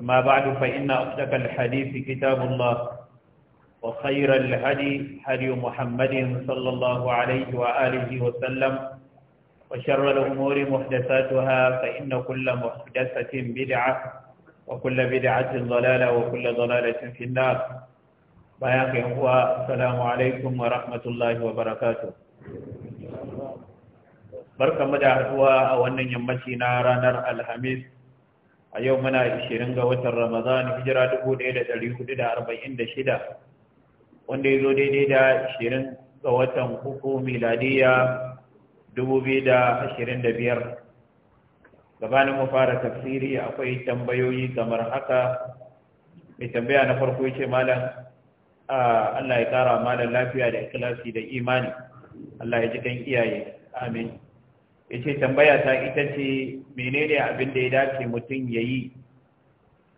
أما بعد فإن أصدق الحديث كتاب الله وخير الهدي هدي محمد صلى الله عليه وآله وسلم وشر الأمور محدثاتها فإن كل محدثة بدعة وكل بدعة ضلالة وكل ضلالة في النار بياقي هو السلام عليكم ورحمة الله وبركاته بركة مدى هو أولا يمشينا رانر الحميد a yau muna ishirin ga watan Ramadan hijira dubu ɗaya da da da arba'in shida, wanda ya zo daidai da ishirin ga watan uku da biyar gabanin mu fara tafsiri akwai tambayoyi kamar haka mai tambaya na farko ya ce malam Allah ya kara malam lafiya da ikilasi da imani Allah ya ji kan iyaye amin yace tambaya ta ita ce menene abin da ya dace mutum ya yi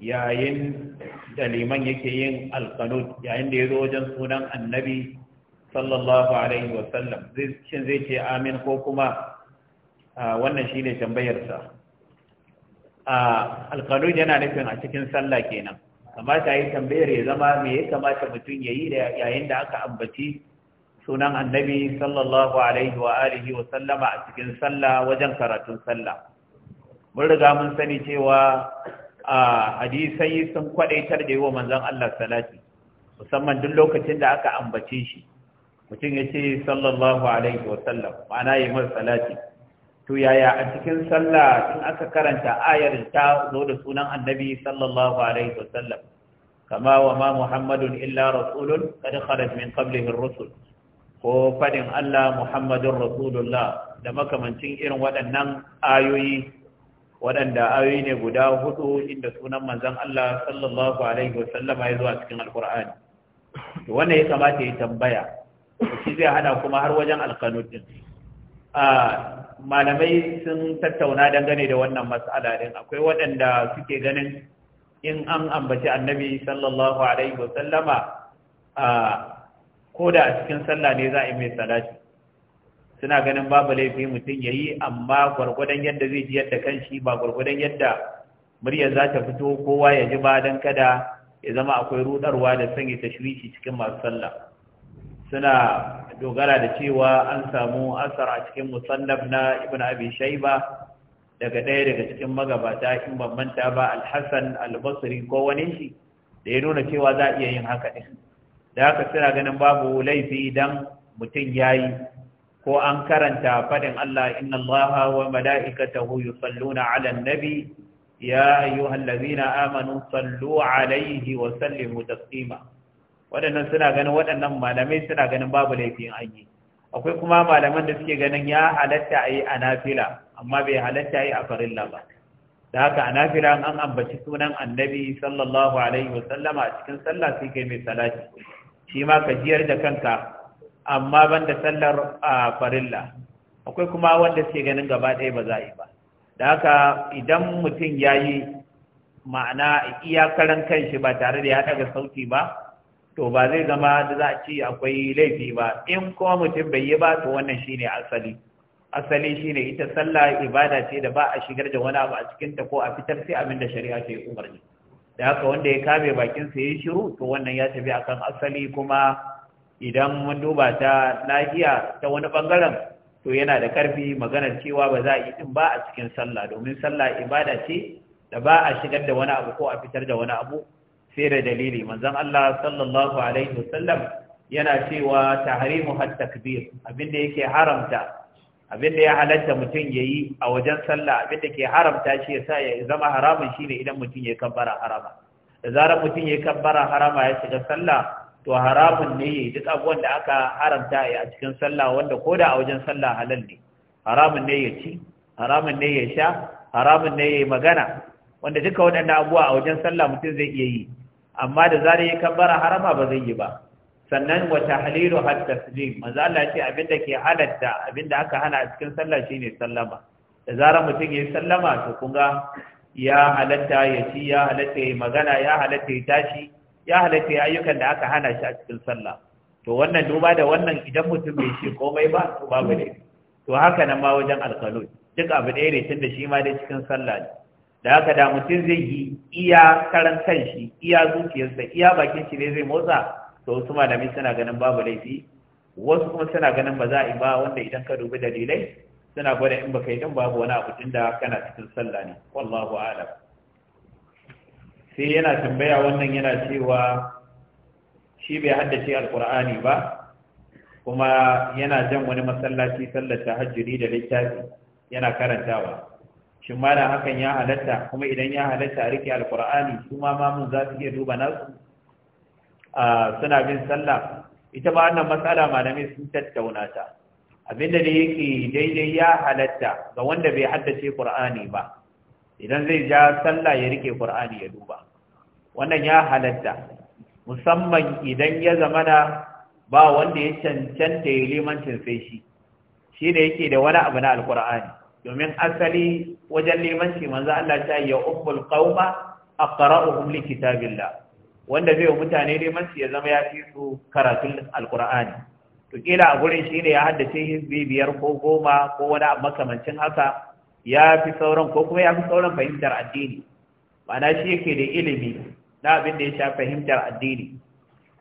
yayin da liman yake yin alqanut yayin da ya zo wajen sunan annabi sallallahu alaihi wa sallam shin zai ce amin ko kuma wannan shine tambayar sa alqanut yana nufin a cikin sallah kenan kamata yi tambayar ya zama me ya kamata mutum ya yi yayin da aka ambaci sunan annabi sallallahu alaihi wa alihi wa sallama a cikin sallah wajen karatun sallah mun riga mun sani cewa a hadisai sun kwadaitar da yi wa manzon Allah salati musamman duk lokacin da aka ambace shi mutum ya ce sallallahu alaihi wa sallam ma'ana yi mar salati to yaya a cikin sallah tun aka karanta ayar ta zo da sunan annabi sallallahu alaihi wa sallam kama wa ma muhammadun illa rasulun qad khalat min qablihi ar-rusul ko fadin Allah Muhammadun Rasulullah da makamancin irin waɗannan ayoyi waɗanda ayoyi ne guda hudu inda sunan manzon Allah sallallahu alaihi wasallama ya zuwa cikin alkur'ani to wannan ya kamata ya tambaya shi zai hada kuma har wajen alkanudin malamai sun tattauna dangane da wannan mas'ala din akwai waɗanda suke ganin in an ambaci annabi sallallahu alaihi wasallama ko da a cikin sallah ne za a yi mai salati suna ganin babu laifi mutum ya yi amma gwargwadon yadda zai ji yadda kan shi ba gwargwadon yadda muryar za ta fito kowa ya ji ba don kada ya zama akwai rudarwa da sanya shirishi cikin masu sallah suna dogara da cewa an samu asar a cikin musallaf na ibn abi shaiba daga ɗaya daga cikin magabata in ban manta ba alhassan albasiri ko wani shi da ya nuna cewa za a iya yin haka ɗin da haka suna ganin babu laifi idan mutum ya yi ko an karanta faɗin Allah inna Allah wa mala'ikatahu yusalluna 'alan nabi ya ayyuhal ladina amanu sallu 'alaihi wa sallimu taslima waɗannan suna ganin waɗannan malamai suna ganin babu laifin an yi akwai kuma malaman da suke ganin ya halatta a yi a nafila amma bai halatta a yi a farilla ba da haka a nafila an ambaci sunan annabi sallallahu alaihi wa sallama a cikin sallah sai kai mai salati shi ma ka jiyar da kanka amma ban da sallar a farilla akwai kuma wanda suke ganin gaba ɗaya ba za a yi ba da haka idan mutum ya yi ma'ana iyakaran kanshi ba tare da ya ga sauti ba to ba zai zama da za a ci akwai laifi ba in kuma mutum bai yi ba to wannan shine asali asali shine ita sallah ibada ce da ba a shigar da wani abu a cikinta ko a fitar sai abin da shari'a ce umarni da haka wanda ya kame bakin sa yayin shiru to wannan ya tafi akan asali kuma idan mun duba ta lafiya ta wani bangaren to yana da karfi maganar cewa ba za a yi din ba a cikin sallah domin sallah ibada ce da ba a shigar da wani abu ko a fitar da wani abu sai da dalili manzon Allah sallallahu alaihi wasallam yana cewa tahrimu hatta takbir abinda yake haramta Abin da ya halatta mutum ya yi a wajen sallah abinda ke haramta shi ya sa ya zama haramun shine idan mutum ya kabbara harama da zarar mutum ya kabbara harama ya shiga sallah to haramun ne ya yi duk abubuwan da aka haramta a cikin sallah wanda ko da a wajen sallah halal ne haramun ne ya ci haramun ne ya sha haramun ne ya yi magana wanda duka waɗannan abubuwa a wajen sallah mutum zai iya yi amma da zarar ya kabbara harama ba zai yi ba sannan wa tahlilu hat taslim manzo Allah ce abinda ke halatta abinda aka hana a cikin sallah shine sallama da zarar mutum yayi sallama to kun ga ya halatta ya ci ya halatta ya magana ya halatta ya tashi ya halatta ya ayyukan da aka hana shi a cikin sallah to wannan duba da wannan idan mutum bai shi komai ba to babu ne to haka nan ma wajen alkalo, duk abu ɗaya ne tun da shi ma dai cikin sallah ne da haka da mutum zai yi iya karan kanshi iya zuciyarsa iya bakin shi ne zai motsa to wasu malamai suna ganin babu laifi wasu kuma suna ganin ba za a yi ba wanda idan ka dubi dalilai suna gwada in baka yi din babu wani abu da kana cikin sallah ne wallahu a'lam sai yana tambaya wannan yana cewa shi bai haddace alkur'ani ba kuma yana jan wani masallaci sallar tahajjudi da littafi yana karantawa shin malam hakan ya halatta kuma idan ya halatta a rike alkur'ani su ma mamun za su iya duba nasu suna bin sallah ita ba wannan matsala malamai sun tattauna ta abinda da yake daidai ya halatta ga wanda bai haddace qur'ani ba idan zai ja sallah ya rike qur'ani ya duba wannan ya halatta musamman idan ya zamana ba wanda ya cancanta ya limancin sai shi shi ne yake da wani abu na alkur'ani domin asali wajen limanci manzo Allah ta ya ummul qauma aqra'uhum likitabillah wanda zai wa mutane masu ya zama ya fi su karatun alkur'ani to kila a gurin shi ne ya haddace hizbi biyar ko goma ko wani makamancin haka ya fi sauran ko kuma ya fi sauran fahimtar addini ma'ana shi yake da ilimi na abin da ya sha fahimtar addini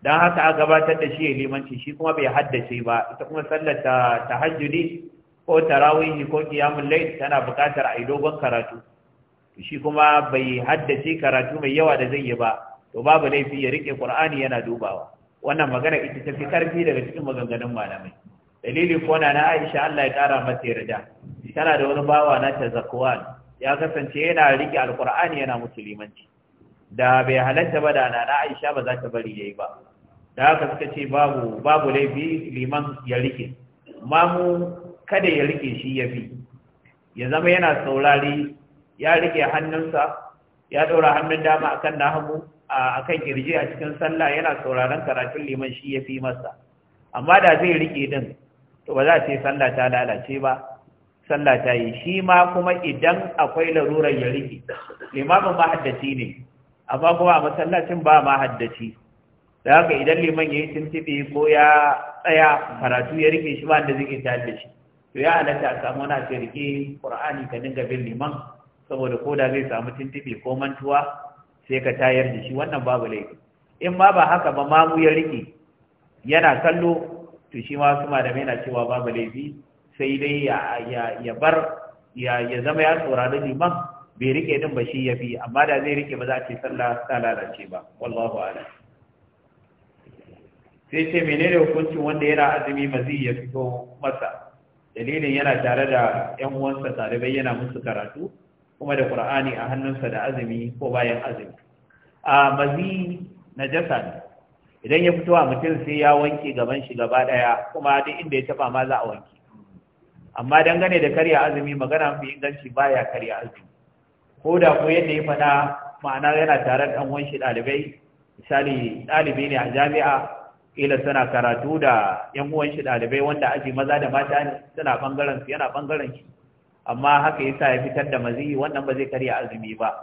don haka a gabatar da shi ya limanci shi kuma bai haddace ba ita kuma sallar tahajjudi ko tarawihi ko qiyamul layl tana buƙatar a yi dogon karatu shi kuma bai haddace karatu mai yawa da zai yi ba to babu laifi ya rike qur'ani yana dubawa wannan magana ita ta fi karfi daga cikin maganganun malamai dalili ko na na Aisha Allah ya kara mata yarda tana da wani bawa na ta zakwan ya kasance yana rike alqur'ani yana musulmanci da bai halatta ba da na na Aisha ba za ta bari yayi ba da haka suka ce babu babu laifi liman ya rike mamu kada ya rike shi ya fi ya zama yana saurari ya rike hannunsa ya ɗora hannun dama akan na hagu a kan kirji a cikin sallah yana sauraron karatun liman shi ya fi masa amma da zai rike din to ba za ce sallah ta lalace ba sallah ta yi shi ma kuma idan akwai larurar ya rike limamin mahaddaci ne amma kuma a masallacin ba mahaddaci da haka idan liman ya yi tuntuɓe ko ya tsaya karatu ya rike shi ba da zai ta da shi to ya halatta a samu wani a rike ƙur'ani ka dinga bin liman saboda ko da zai samu tuntuɓe ko mantuwa sai ka tayar da shi wannan babu laifi in ma ba haka ba mamu ya rike yana kallo to shi ma su malamai na cewa babu laifi sai dai ya bar ya zama ya saurari liman bai rike din ba shi ya fi amma da zai riƙe ba za a ce sallah ta lalace ba wallahu ala sai ce menene hukuncin wanda yana azumi mazi ya fito masa dalilin yana tare da yan uwansa tare yana musu karatu kuma da qur'ani a hannunsa da azumi ko bayan azumi a mazi najasa ne idan ya fito a mutum sai ya wanke gaban shi gaba daya kuma duk inda ya taba ma za a wanke amma dangane da karya azumi magana mafi inganci baya karya azumi ko da ko yadda ya faɗa ma'ana yana tare da ɗan shi ɗalibai misali ɗalibi ne a jami'a kila suna karatu da yan uwan shi ɗalibai wanda aji maza da mata ne suna bangaren su yana bangaren shi amma haka yasa ya fitar da mazihi wannan ba zai karya azumi ba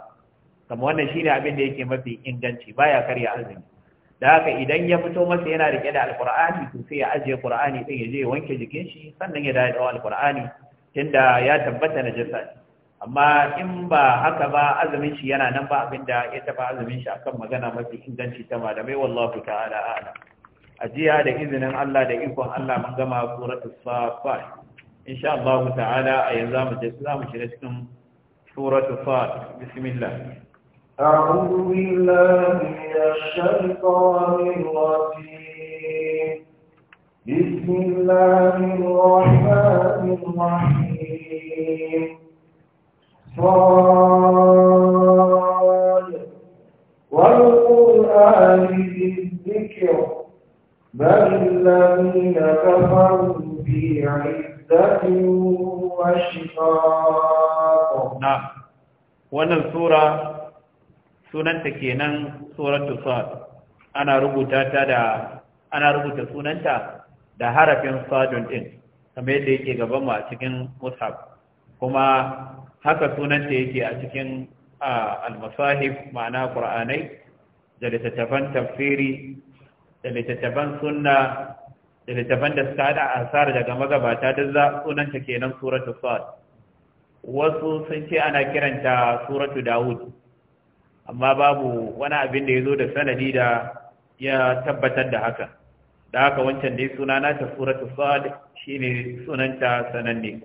kuma wannan shine abin da yake mafi inganci baya karya azumi da haka idan ya fito masa yana rike da alqur'ani to sai ya ajiye qur'ani din ya je wanke jikin shi sannan ya dawo alqur'ani tunda ya tabbata najasa amma in ba haka ba azumin shi yana nan ba abinda ya tafi azumin shi akan magana mafi inganci ta malamai wallahi ta'ala a'lam ajiya da izinin Allah da ikon Allah mun gama suratul safat إن شاء الله تعالى yanzu mu je سورة mu بسم الله أعوذ بالله من الشيطان الرجيم بسم الله الرحمن الرحيم صاد والقرآن بالذكر بل الذين كفروا في عيد wannan sura sunanta kenan suratu sad ana rubuta ta da ana rubuta sunanta da harafin sadun din kamar yadda yake gaban a cikin mushaf kuma haka sunanta yake a cikin al-masahif ma'ana qur'anai da littattafan tafsiri da littattafan sunna da littafan da suka hada asar daga magabata duk za sunanta kenan suratu fad wasu sun ce ana kiranta suratu dawud amma babu wani abin da ya zo da sanadi da ya tabbatar da haka da haka wancan dai suna nata suratu sad shine sunanta sananne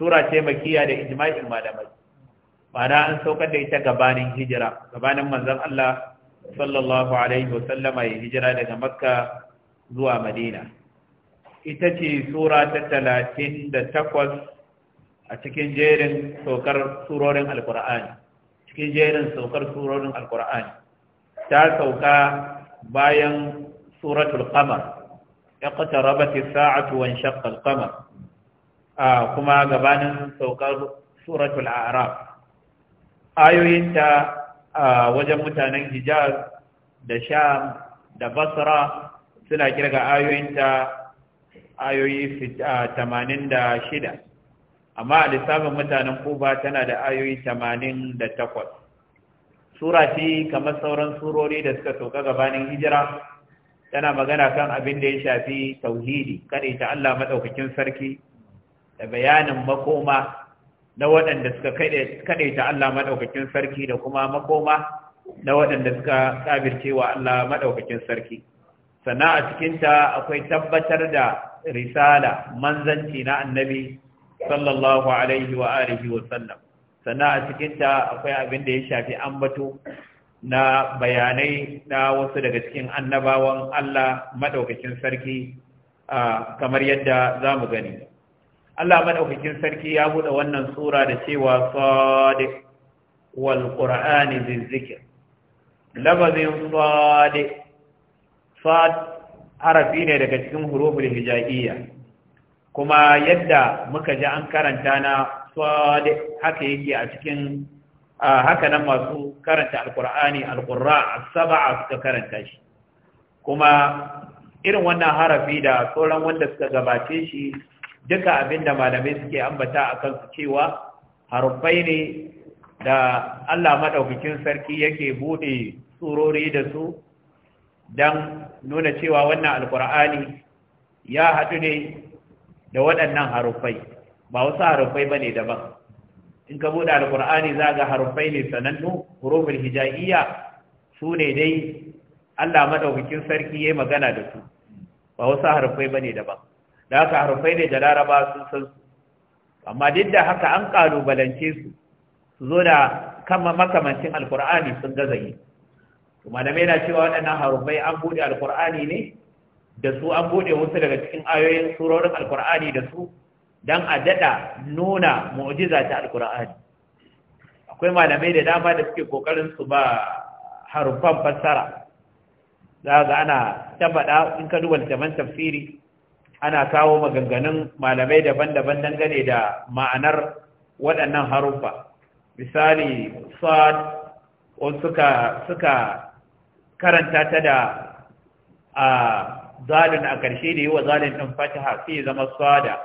sura ce makiya da ijma'in malamai ma'ana an saukar da ita gabanin hijira gabanin manzon Allah sallallahu alaihi wasallama ya hijira daga makka zuwa madina ita ce sura ta talatin da takwas a cikin jerin saukar surorin alkur'ani cikin jerin saukar surorin alkur'ani ta sauka bayan suratul kamar iqtarabat as-sa'atu wa inshaqqa kamar a kuma gabanin saukar suratul arab ayoyinta wajen mutanen hijaz da sham da basra suna kirga ayoyinta ayoyi tamanin da shida amma a lissafin mutanen kuba tana da ayoyi tamanin da takwas sura shi kamar sauran surori da suka sauka gabanin hijira tana magana kan abin da ya shafi tauhidi kare ta Allah maɗaukakin sarki da bayanin makoma na waɗanda suka kare ta Allah maɗaukakin sarki da kuma makoma na waɗanda suka wa Allah maɗaukakin sarki. Sana'a a cikinta akwai tabbatar da risala manzanci na annabi sallallahu alaihi wa alihi wa sallam sana a cikinta akwai abin da ya shafi ambato na bayanai na wasu daga cikin annabawan Allah madaukakin sarki kamar yadda za mu gani Allah madaukakin sarki ya buɗe wannan tsura da cewa sadiq wal qur'ani zikr labazin sadiq Fad harafi ne daga cikin huruful hijaiyya kuma yadda muka ji an karanta na fad haka yake a cikin haka nan masu karanta alkur'ani alkurra a saba suka karanta shi kuma irin wannan harafi da sauran wanda suka gabace shi duka abinda malamai suke ambata akan su cewa harufai ne da Allah maɗaukakin sarki yake buɗe tsurori da su Dan nuna cewa wannan alkur'ani ya haɗu ne da waɗannan haruffai ba wasu haruffai ba ne daban in ka buɗe alkur'ani za ga haruffai ne sanannu hurufin hija'iyya su ne dai allah maɗaukakin sarki ya magana da su ba wasu haruffai ba ne daban da haka haruffai ne da laraba sun san su amma duk da haka an ƙalubalance su su zo da makamancin alkur'ani sun gaza yi malamai na cewa waɗannan harufai an buɗe alkur'ani ne da su an buɗe wasu daga cikin ayoyin surorin alkur'ani da su don a daɗa nuna mu'jiza ta alkur'ani akwai malamai da dama da suke ƙoƙarin su ba harufan fassara za ga ana tabbada in ka duba littafin tafsiri ana kawo maganganun malamai daban-daban dangane da ma'anar waɗannan haruffa misali sad suka suka karanta ta da a zalin a ƙarshe da yi wa zalin ɗin fataha fi zama sada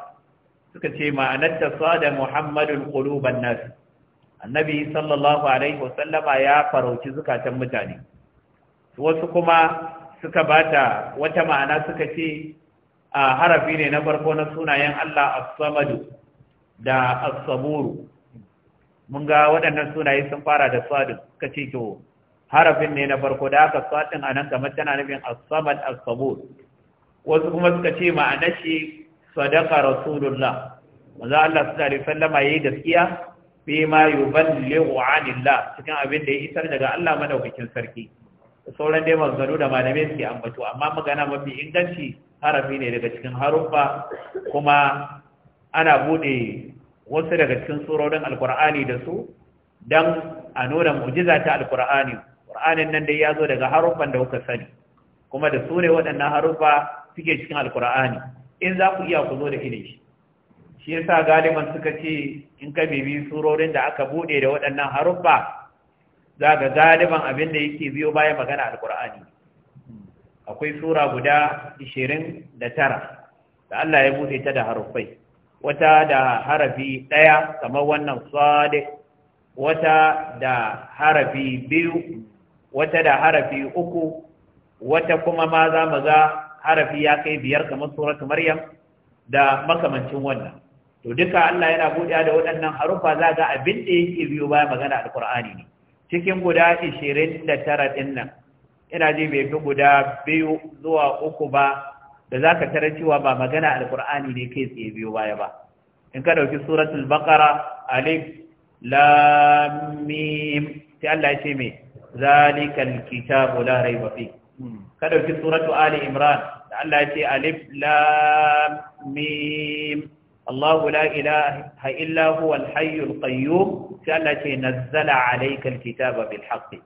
suka ce ma'anarta sada muhammadun ƙuluban nasu annabi sallallahu alaihi wasallama ya farauci zukatan mutane wasu kuma suka bata wata ma'ana suka ce a harafi ne na farko na sunayen Allah as-samadu da as-saburu mun ga waɗannan sunaye sun fara da sadu suka ce to harafin ne na farko da aka a anan kamar tana nufin as-samad as-sabur wasu kuma suka ce ma'anar shi sadaqa rasulullah manzo Allah sallallahu alaihi wasallama yayi gaskiya bi ma yuballighu anillah cikin abin da ya isar daga Allah madaukakin sarki sauran dai maganganu da malamai suke ambato amma magana mafi inganci harafi ne daga cikin haruffa kuma ana bude wasu daga cikin surorin alkur'ani da su dan a nuna mu'jiza ta alkur'ani ƙur'anin nan dai ya zo daga haruffan da kuka sani kuma da su ne waɗannan haruffa suke cikin alƙur'ani, in za ku iya ku zo da ilimi. shi shi yasa galiban suka ce in ka bibi surorin da aka bude da waɗannan haruffa za ga galiban abin da yake biyo bayan magana Alƙur'ani. akwai sura guda 29 da tara da Allah ya bude ta da haruffai wata da harafi ɗaya kamar wannan sade wata da harafi biyu wata da harafi uku wata kuma ma za mu ga harafi ya kai biyar kamar suratu maryam da makamancin wannan to duka Allah yana buɗe da waɗannan harufa za ga abin da yake biyo baya magana alkur'ani ne cikin guda 29 tara nan ina ji bai fi guda biyu zuwa uku ba da za ka tara cewa ba magana alkur'ani ne kai tsaye biyo baya ba in ka ɗauki suratul baqara alif lam mim sai Allah ya ce me zalikal kitabu la raiba fi hmm. ka dauki suratu ali imran da Allah ya ce alif lam mim Allahu la ilaha illa huwa al-hayyul qayyum sai Allah ce nazzala kitaba bil haqq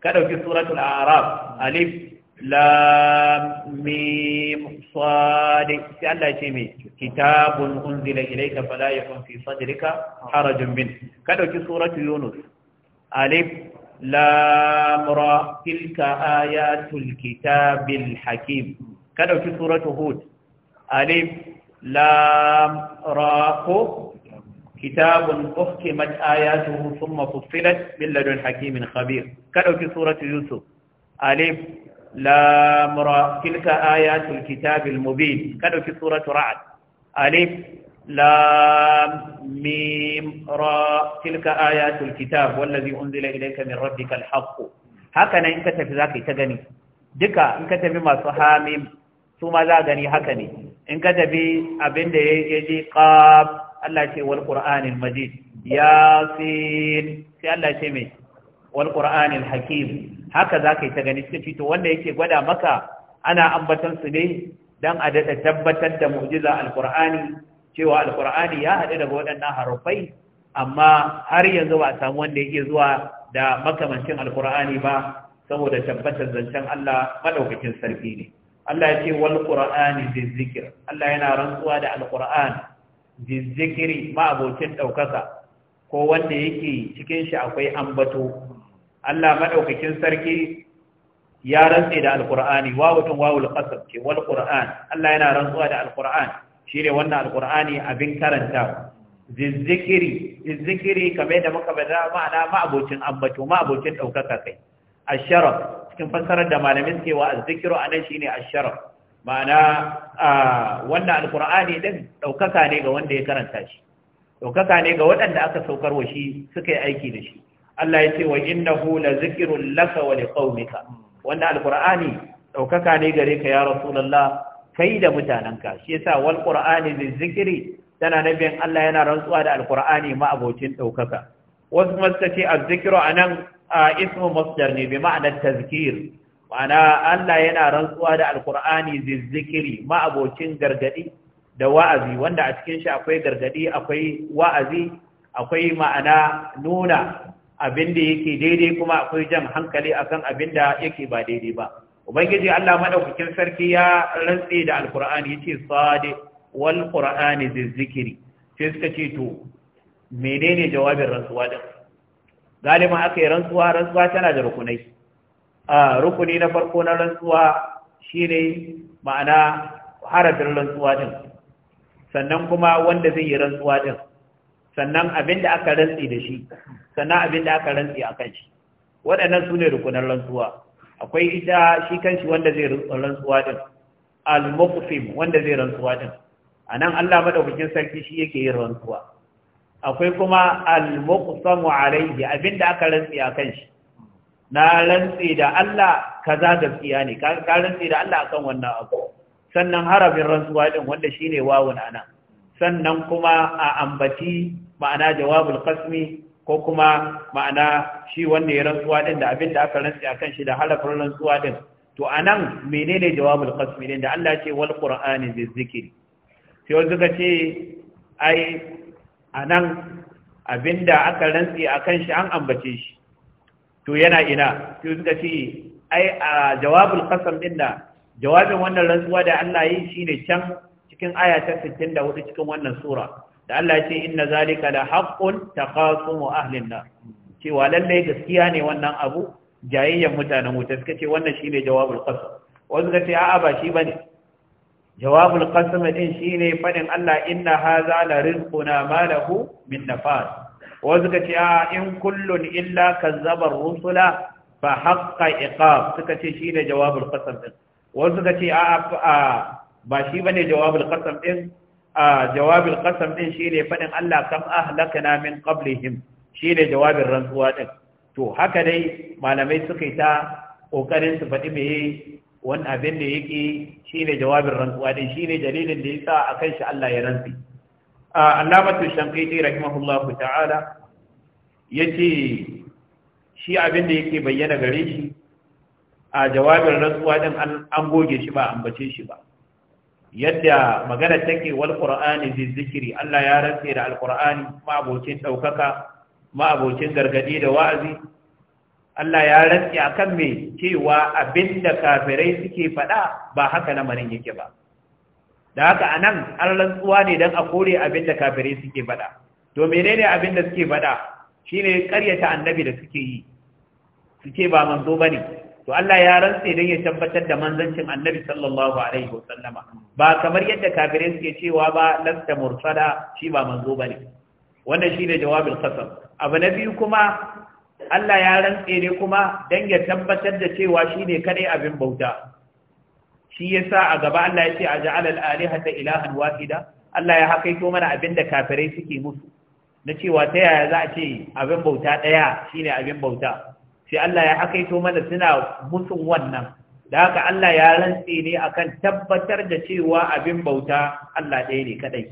ka dauki suratul a'raf alif lam mim sad sai Allah me kitabun unzila ilayka fala yakun fi yunus alif لامرا تلك آيات الكتاب الحكيم كانوا في سورة هود أليم لامرا كتاب أحكمت آياته ثم فصلت من لدن حكيم خبير كانوا في سورة يوسف أليم لامرا تلك آيات الكتاب المبين كانوا في سورة رعد أليم لام ميم را تلك آيات الكتاب والذي أنزل إليك من ربك الحق هكذا إنك تفزاك تغني دكا إنك تفي ما صحاميم ثم لا غني هكني إنك تفي أبند يجي قاب الله شيء والقرآن المجيد ياسين سي الله شيء مي والقرآن الحكيم هكذا كي تغني سكتي تو wanda yake gwada maka ana ambatan su ne dan a daɗa tabbatar da mu'jiza alqur'ani cewa alkur'ani ya haɗu daga waɗannan harufai amma har yanzu ba a samu wanda yake zuwa da makamancin alkur'ani ba saboda tabbatar zancen Allah madaukakin sarki ne Allah ya ce wal qur'ani zikir Allah yana rantsuwa da alkur'an zikiri ma ɗaukaka. daukaka ko wanda yake cikin shi akwai ambato Allah madaukakin sarki ya rantse da alkur'ani wawutun wawul qasab ce wal qur'an Allah yana rantsuwa da alkur'an shi ne wannan alkur'ani abin karanta zikiri zikiri kamar da muka bada ma'ana ma'abocin ambato ma'abocin ɗaukaka kai asharaf cikin fassarar da malamin cewa azzikiru a nan shine asharaf ma'ana wannan alkur'ani din ɗaukaka ne ga wanda ya karanta shi ɗaukaka ne ga waɗanda aka saukar wa shi suka yi aiki da shi Allah ya ce wa innahu la zikrun laka wa liqaumika wannan alkur'ani ɗaukaka ne gare ka ya rasulullah kai da mutanenka shi yasa wal qur'ani zikiri tana nabin Allah yana rantsuwa da alqur'ani ma abocin daukaka wasu kuma suka ce anan ismu masdar ne bi ma'anar tazkir ma'ana Allah yana rantsuwa da alqur'ani zikiri ma abocin gargadi da wa'azi wanda a cikin shi akwai gargadi akwai wa'azi akwai ma'ana nuna abin da yake daidai kuma akwai jan hankali akan abin da yake ba daidai ba ubangiji Allah madaukakin sarki ya rantsi da alqur'ani yace sadi wal qur'ani zikiri sai suka ce to menene jawabin rantsuwa din galiba aka yi rantsuwa rantsuwa tana da rukunai a rukuni na farko na rantsuwa shine ma'ana harafin rantsuwa din sannan kuma wanda zai yi rantsuwa din sannan abin da aka rantsi da shi sannan abin da aka rantsi akan shi waɗannan su ne rukunan rantsuwa akwai ita shi kanshi wanda zai rantsuwa din al muqfim wanda zai rantsuwa din anan Allah madaukakin sarki shi yake yin rantsuwa akwai kuma al-muqsamu alayhi abinda aka rantsi a kanshi na rantsi da Allah kaza gaskiya ne ka rantsi da Allah akan wannan abu sannan harabin rantsuwa din wanda shine wawun anan sannan kuma a ambaci ma'ana jawabul qasmi ko kuma ma'ana shi wanda ya rantsuwa din da abin da aka rantsi a kan shi da halafin rantsuwa din to a mene menene jawabul qasmi din da Allah ce wal qur'ani zikri sai wanda ka ce ai a abin abinda aka rantsi a kan shi an ambace shi to yana ina sai ka ce ai a jawabul qasam din da jawabin wannan rantsuwa da Allah yi shine can cikin aya ta 64 cikin wannan sura da Allah ya ce inna zalika la haqqun taqasumu ahlin nar cewa lalle gaskiya ne wannan abu jayayyan mutanen wuta suka ce wannan shine jawabul qasam wasu suka ce a'a ba shi bane jawabul qasam din shine fadin Allah inna hadha la rizquna ma lahu min nafas wasu suka ce a'a in kullun illa kazzaba rusula fa haqqa iqab suka ce shine jawabul qasam din wasu suka ce a'a ba shi bane jawabul qasam din a jawabin qasam din shine faɗin Allah kam ahlakana min qablihim shine jawabin rantsuwa din to haka dai malamai suka yi ta kokarin su faɗi me wani abin da yake shine jawabin rantsuwa din shine dalilin da yasa akan shi Allah ya rantsi Allamatu Shankaiti rahimahullahu ta'ala yace shi abin da yake bayyana gare shi a jawabin rantsuwa din an goge shi ba ambace shi ba yadda magana take wal qur'ani bi zikri Allah ya rantse da qur'ani ma abocin daukaka ma abocin gargadi da wa'azi Allah ya rantse akan me cewa abinda kafirai suke faɗa ba haka lamarin yake ba da haka anan an rantsuwa ne dan a kore abinda kafirai suke faɗa to menene abinda suke faɗa shine ƙaryata annabi da suke yi suke ba manzo bane to Allah ya rantse don ya tabbatar da manzancin annabi sallallahu alaihi wasallama ba kamar yadda kafirai suke cewa ba lasta mursala shi ba manzo bane wannan shine jawabin qasam abu na biyu kuma Allah ya rantse ne kuma don ya tabbatar da cewa shine kadai abin bauta shi yasa a gaba Allah ya ce aj'al al-alihata ilahan wahida Allah ya hakaito mana abin da kafirai suke musu na cewa ta yaya za a ce abin bauta daya shine abin bauta sai Allah ya hakaito mana suna mutun wannan da haka Allah ya rantse ne akan tabbatar da cewa abin bauta Allah ɗaya ne kadai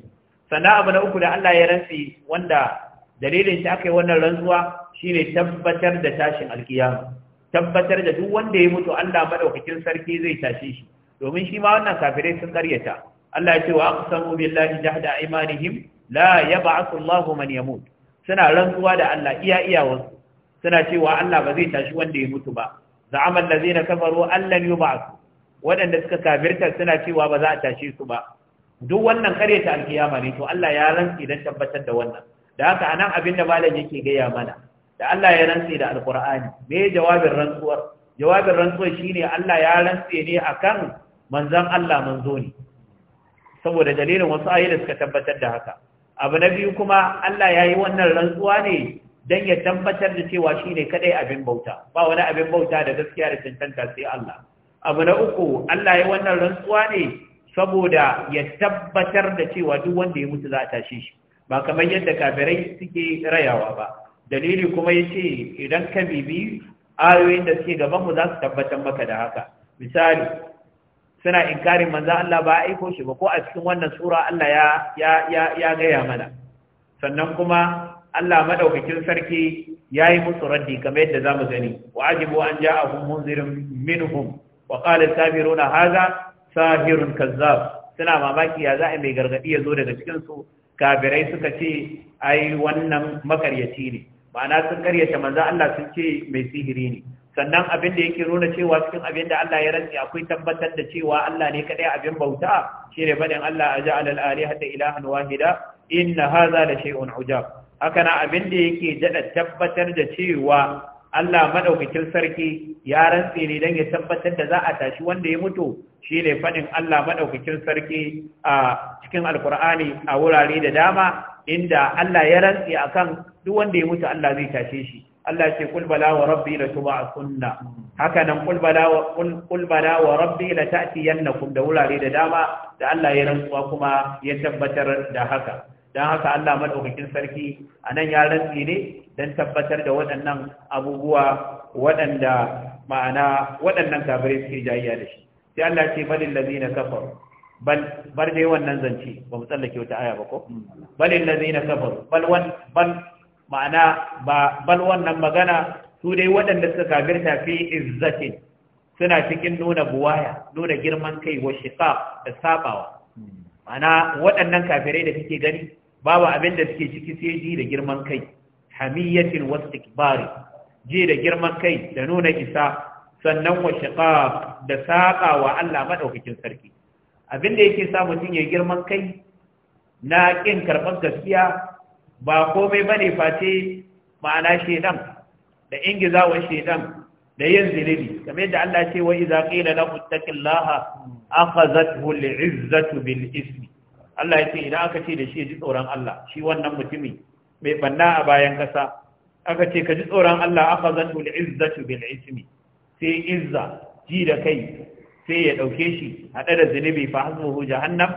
sannan abu na uku da Allah ya rantse wanda dalilin shi aka yi wannan rantsuwa shine tabbatar da tashin alkiyama tabbatar da duk wanda ya mutu Allah madaukakin sarki zai tashe shi domin shi ma wannan kafirai sun karyata Allah ya ce wa aqsamu billahi jahda imanihim la yab'athu Allahu man yamut suna rantsuwa da Allah iya iya wasu. suna cewa Allah ba zai tashi wanda ya mutu ba za'amal ladzina kafaru allan yub'athu waɗanda suka kafirta suna cewa ba za a tashi su ba duk wannan karyata alkiyama ne to Allah ya rantsi dan tabbatar da wannan da haka anan abin da malam yake gaya mana da Allah ya rantsi da alqur'ani me jawabin rantsuwar jawabin rantsuwar shine Allah ya rantsi ne akan manzon Allah manzo ne saboda dalilin wasu ayoyi da suka tabbatar da haka abu na biyu kuma Allah ya yi wannan rantsuwa ne don ya tabbatar da cewa shi ne kadai abin bauta ba wani abin bauta da gaskiya da cancanta sai Allah abu na uku Allah ya wannan rantsuwa ne saboda ya tabbatar da cewa duk wanda ya mutu za a tashi shi ba kamar yadda kafirai suke rayawa ba dalili kuma ya ce idan ka bibi ayoyin da suke gaban mu za su tabbatar maka da haka misali suna inkarin manzo Allah ba aiko shi ba ko a cikin wannan sura Allah ya ya ya, ya gaya mana sannan kuma Allah madaukakin sarki yayi musu raddi kamar yadda za mu gani wa ajibu an a munzirin minhum wa qala sabiruna hadha sahirun kazzab suna mamaki ya za'a mai gargadi ya zo daga cikin su kafirai suka ce ai wannan makaryaci ne ma'ana sun karyace manzo Allah sun ce mai sihiri ne sannan abin da yake nuna cewa cikin abin da Allah ya rantsi akwai tabbatar da cewa Allah ne kadai abin bauta shine banin Allah aja'al al da ilahan wahida inna hadha la shay'un ujab haka na abin da yake dada tabbatar da cewa Allah madaukakin sarki ya rantsi ne dan ya tabbatar da za a tashi wanda ya mutu shine fadin Allah madaukakin sarki a cikin alqur'ani a wurare da dama inda Allah ya rantsi akan duk wanda ya mutu Allah zai tashe shi Allah ce kul bala wa rabbi la tub'athunna haka nan kul wa kul bala wa rabbi la ta'tiyannakum da wurare da dama da Allah ya rantsuwa kuma ya tabbatar da haka Don haka Allah madaukakin sarki anan ya rantsi ne don tabbatar da waɗannan abubuwa waɗanda ma'ana waɗannan kafirai suke jayayya da shi sai Allah ce balil na kafaru bal bar dai wannan zance ba mu tsallake wata aya ba ko hmm. balil ladina kafaru bal bal ma'ana ba bal wannan magana su dai waɗanda suka kafirta fi izzati suna cikin nuna buwaya nuna girman kai wa shiqaq da sabawa ma'ana waɗannan kafirai da kake gani babu abin da suke ciki sai ji da girman kai hamiyatin wa istikbari ji da girman kai da nuna isa sannan wa shiqaq da sabawa Allah madaukakin sarki abin da yake sa mutun ya girman kai na kin karɓar gaskiya ba komai ba ne face ma'ana shedan da ingizawa shedan da yin zilili kamar yadda Allah ce wa idza a ka taqillaha akhazathu al'izzatu bil ismi Allah ya ce idan aka ce da shi ji tsoron Allah shi wannan mutumi mai banna a bayan kasa aka ce ka ji tsoron Allah akhazathu al'izzatu bil ismi sai izza ji da kai sai ya ɗauke shi haɗe da zinubi fa hasbuhu jahannam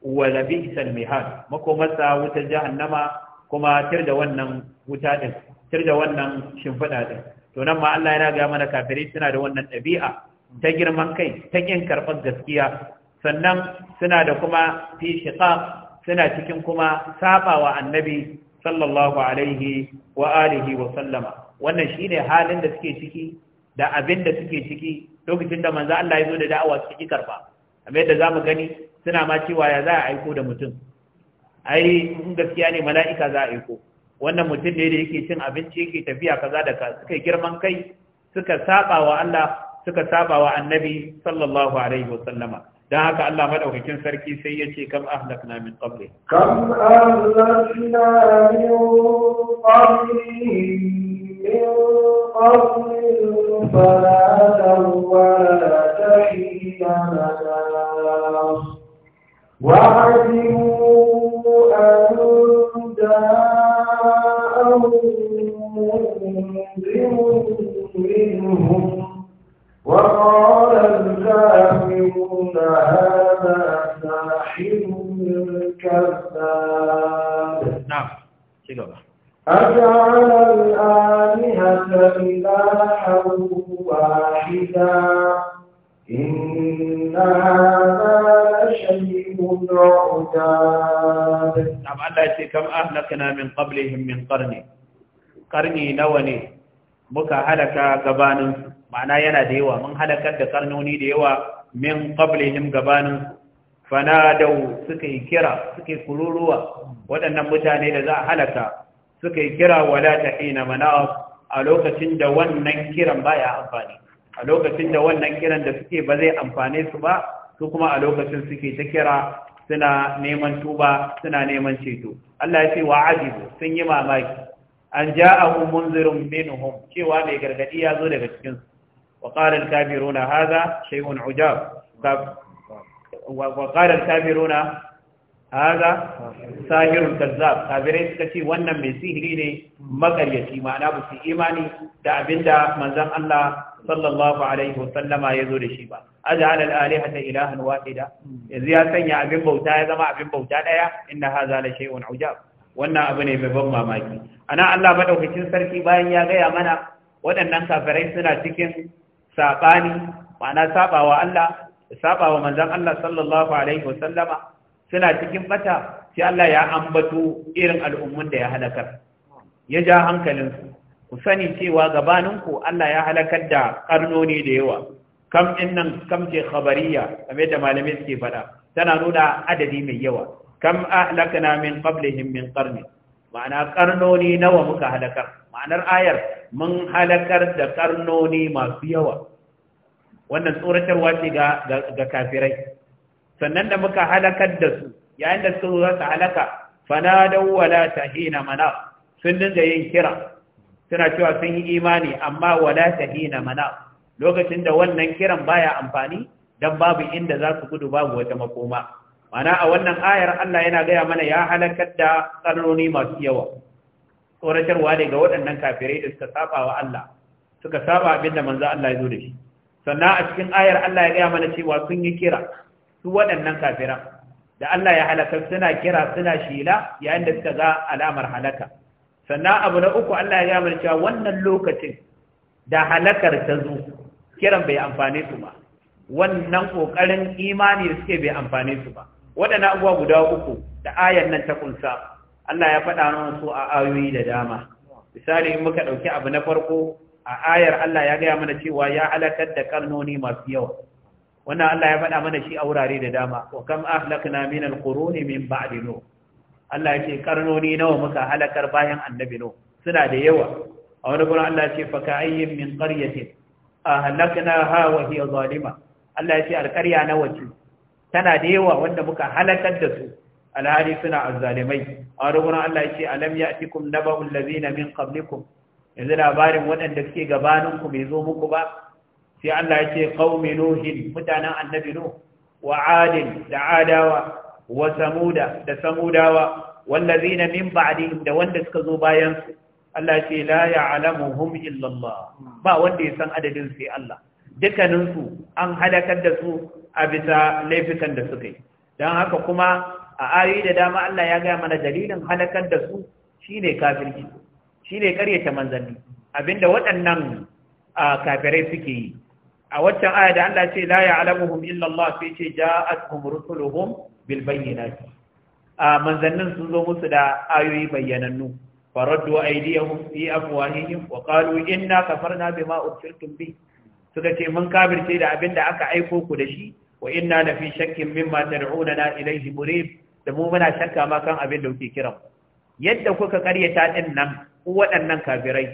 wa labisa al mihad makomarsa wutar jahannama kuma tir da wannan wuta ɗin. tir da wannan shimfiɗa ɗin. to nan ma Allah yana gaya mana kafirai suna da wannan ɗabi'a ta girman kai ta kin karɓar gaskiya sannan suna da kuma fi shiƙa, suna cikin kuma sabawa annabi sallallahu alaihi wa alihi wa sallama wannan shine halin da suke ciki da abin da suke ciki lokacin da manzo Allah ya zo da da'awa suke karba kamar yadda zamu gani suna ma cewa ya za a aiko da mutum ai in gaskiya ne mala'ika za a aiko wannan mutum ne da yake cin abinci yake tafiya kaza da suka girman kai suka saba wa Allah suka saba wa annabi sallallahu alaihi wasallama dan haka Allah madaukakin sarki sai ya ce kam ahlakna min qabli kam ahlakna min qabli min qabli fala tawala tahiyana وعجبوا أن جاءهم منذر منهم وقال الكافرون هذا ساحر كذاب نعم أجعل الآلهة إلها واحدا إن وعتاد ce الله يسي كم min من min من قرن nawa ne muka halaka gabaninsu ma'ana yana da yawa mun halakar da karnoni da yawa min qablihim gabaninsu fanadau suka yi kira suka yi kururuwa waɗannan mutane da za a halaka suka yi kira wala ina mana a lokacin da wannan kiran baya amfani a lokacin da wannan kiran da suke ba zai amfane su ba su kuma a lokacin suke ta kira suna neman tuba suna neman ceto Allah ya ce wa ajibu sun yi mamaki an ja'ahum munzirun minhum cewa mai gargadi ya zo daga cikin su wa qala al-kafiruna hadha shay'un ujab wa qala al-kafiruna hadha sahirun kazzab kafirai suka ce wannan mai sihiri ne makaryaci ma'ana ba su imani da abinda manzon Allah sallallahu alaihi wasallama ya zo da shi ba aj'ala al-alihata ilahan wahida yanzu ya sanya abin bauta ya zama abin bauta daya inna hadha la shay'un ujab wannan abu ne mai ban mamaki ana Allah madaukakin sarki bayan ya gaya mana waɗannan kafirai suna cikin sabani ma'ana sabawa Allah sabawa manzon Allah sallallahu alaihi wasallama suna cikin bata sai Allah ya ambato irin al'ummun da ya halakar ya ja hankalinsu ku sani cewa gabaninku Allah ya halakar da karnoni da yawa kam din nan kam ce khabariya kamar yadda malamai suke faɗa tana nuna adadi mai yawa kam ahlakna min qablihim min qarni ma'ana karnoni nawa muka halakar ma'anar ayar mun halakar da karnoni masu yawa wannan tsoratarwa ce ga ga kafirai sannan da muka halakar da su yayin da su za su halaka fanadaw wala tahina mana sun dinga yin kira suna cewa sun yi imani amma wala tahina mana lokacin da wannan kiran baya amfani dan babu inda za su gudu babu wata makoma mana a wannan ayar Allah yana gaya mana ya halakar da karnoni masu yawa tsoratarwa ne ga waɗannan kafirai da suka saba wa Allah suka saba abin da manzo Allah ya zo da shi sannan a cikin ayar Allah ya gaya mana cewa sun yi kira su waɗannan kafiran da Allah ya halakar suna kira suna shila yayin da suka ga alamar halaka sannan abu na uku Allah ya gaya mana cewa wannan lokacin da halakar ta zo kiran bai amfane su ba wannan kokarin imani da suke bai amfane su ba waɗannan abubuwa guda uku da ayan nan ta kunsa Allah ya faɗa mana su a ayoyi da dama misali in muka ɗauki abu na farko a ayar Allah ya gaya mana cewa ya halakar da karnoni masu yawa wannan Allah ya faɗa mana shi a wurare da dama wa kam ahlakna min alquruni min ba'di Allah ya ce karnoni nawa muka halakar bayan annabi suna da yawa a wani gurin Allah ya ce fa min qaryatin ahlaknaha wa hiya zalima Allah ya ce alƙarya na wace tana da yawa wanda muka halakar da su alhali suna azzalimai a rubunan Allah ya ce alam ya'tikum naba'ul ladina min qablikum yanzu labarin waɗanda suke gabanin ku bai zo muku ba sai Allah ya ce qaumi nuhin mutanen annabi nuh wa adin da adawa wa samuda da samudawa wallazina min ba'dihim da wanda suka zo bayan su Allah ce la ya ya'lamuhum illa Allah ba wanda ya san adadin sai Allah dukkanin su an halakar da su a bisa laifukan da suka yi dan haka kuma a ayoyi da dama Allah ya ga mana dalilin halakar da su shine kafirci shine karyata manzanni abinda waɗannan kafirai suke yi a waccan aya da Allah ce la ya ya'lamuhum illa Allah sai ce ja'atkum rusuluhum bil bayyinati a manzannin sun zo musu da ayoyi bayyanannu faraddu aydiyahum fi afwahihim wa qalu inna kafarna bima ursiltum bi suka ce mun kafirce da abin da aka aiko ku da shi wa inna na fi shakkin mimma na ilayhi murib da mu muna shakka ma kan abin da kuke kiran yadda kuka karyata din nan waɗannan kafirai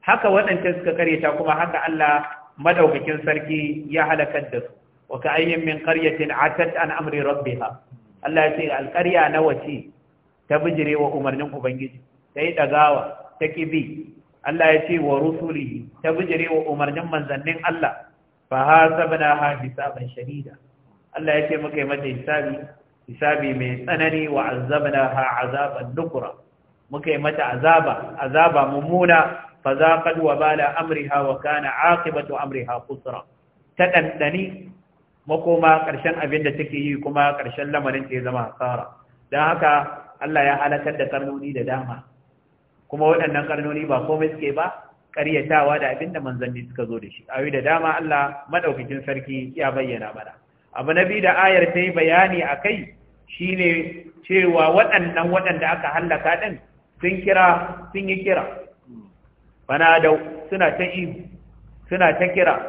haka waɗancan suka karyata kuma haka Allah madaukakin sarki ya halakar da su wa ka ayyin min qaryatin atat an amri rabbiha Allah ya ce alƙarya nawa ce ta bijire wa umarnin ubangiji sai dagawa ta kibi Allah ya ce wa rusulihi ta bijire wa umarnin manzannin Allah fa hasabna ha hisaban sharida. Allah ya ce muka yi mata hisabi hisabi mai tsanani wa azabna ha azaban nukura muka yi mata azaba azaba mummuna fa zaqad wa bala amriha wa kana aqibatu amriha khusra ta dandani makoma karshen abin da take yi kuma karshen lamarin ta zama hasara dan haka Allah ya halakar da karnoni da dama kuma waɗannan karnoni ba komai suke ba ƙaryatawa da abinda manzanni suka zo da shi a da dama Allah maɗaukakin sarki ya bayyana mana abu na biyu da ayar ta yi bayani a kai shi ne cewa waɗannan waɗanda aka hallaka ɗin sun kira sun yi kira bana da suna ta yi suna ta kira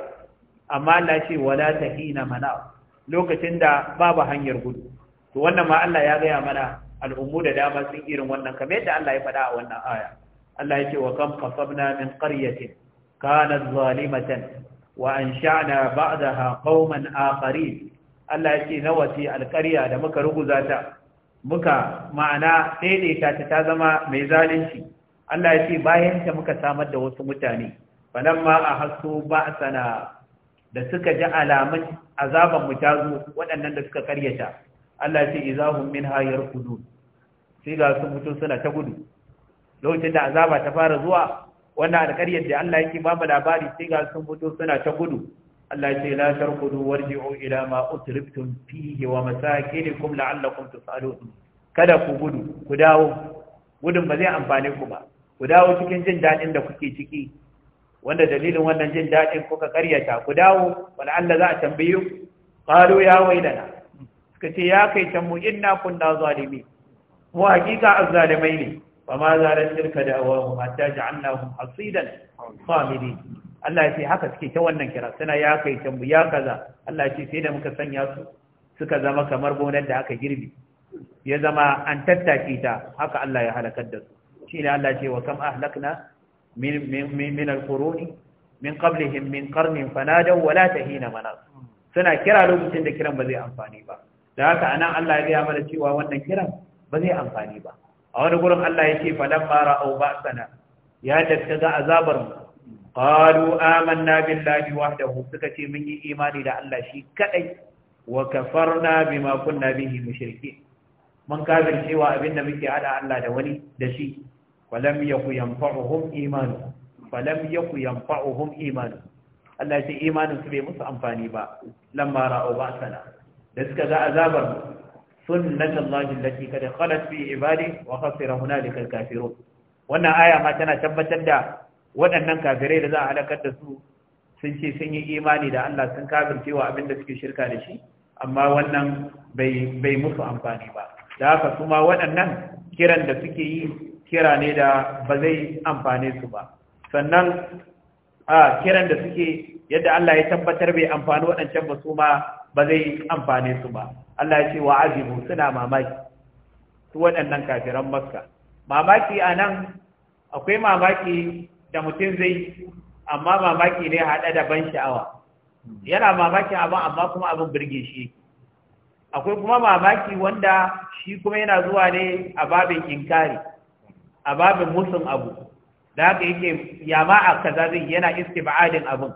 amma Allah ce wala ta hina mana lokacin da babu hanyar gudu to wannan ma Allah ya gaya mana al'ummu da dama sun irin wannan kamar yadda Allah ya faɗa a wannan aya Allah ya ce wa kam qasabna min qaryatin kanat zalimatan wa ansha'na ba'daha kauman akharin Allah ya ce nawa ce alƙarya da muka ruguza ta muka ma'ana daidaita ta ta zama mai zalunci Allah ya ce bayan ta muka samar da wasu mutane a ahassu ba'sana da suka ji alamun azaban mu ta zo waɗannan da suka karyata Allah ya ce izahum hayar yarkudun sai ga sun mutu suna ta gudu lokacin da azaba ta fara zuwa wannan alƙaryar da Allah yake bamu labari sai ga sun mutu suna ta gudu Allah ya ce la tarkudu warji'u ila ma utribtum fihi wa masakinikum la'allakum tus'alun kada ku gudu ku dawo gudun ba zai amfane ku ba ku dawo cikin jin daɗin da kuke ciki wanda dalilin wannan jin daɗin kuka karyata ku dawo wala Allah za a tambaye ku qalu ya waylana suka ce ya kai can mu inna kunna zalimin mu hakika azzalimai ne ba ma zarar shirka da awahum hatta ja'alnahum hasidan khamidi Allah ya ce haka suke ta wannan kira suna ya kai tambu ya kaza Allah ya ce sai da muka sanya su suka zama kamar gonar da aka girbi ya zama an tattake ta haka Allah ya halakar da su shine Allah ya ce wa kam ahlakna min min min al-quruni min qablihim min qarnin fanadaw wa la tahina manas suna kira lokacin da kiran ba zai amfani ba da haka anan Allah ya ga mana cewa wannan kiran ba zai amfani ba a wani gurin Allah ya ce falan mara au ba sana ya daska a azabar mu qalu amanna billahi wahdahu suka ce mun yi imani da Allah shi kaɗai. wa kafar kafarna bima kunna bihi mushrikeen mun kafir cewa abinda muke haɗa Allah da wani da shi falam yaku yanfa'uhum imanu falam yaku yanfa'uhum imanu Allah ya ce imanin su bai musu amfani ba lamma ra'u ba sana da suka ga azabar mu sunnat Allah allati kada khalat fi ibadi wa khasira hunalika al-kafirun wannan aya ma tana tabbatar da waɗannan kafirai da za a halakar da su sun ce sun yi imani da Allah sun wa abin da suke shirka da shi amma wannan bai musu amfani ba da haka kuma waɗannan kiran da suke yi kira ne da ba zai amfane su ba sannan a kiran da suke yadda Allah ya tabbatar bai amfani waɗancan ba su ma ba zai amfane su ba Allah ya ce wa azimu suna mamaki su waɗannan kafiran maska mamaki a nan akwai mamaki da mutum zai amma mamaki ne haɗe da ban sha'awa yana mamakin abin amma kuma abin birge shi akwai kuma mamaki wanda shi kuma yana zuwa ne a babin inkari a babin musun abu da haka yake yama a kaza zai yana istibadin abin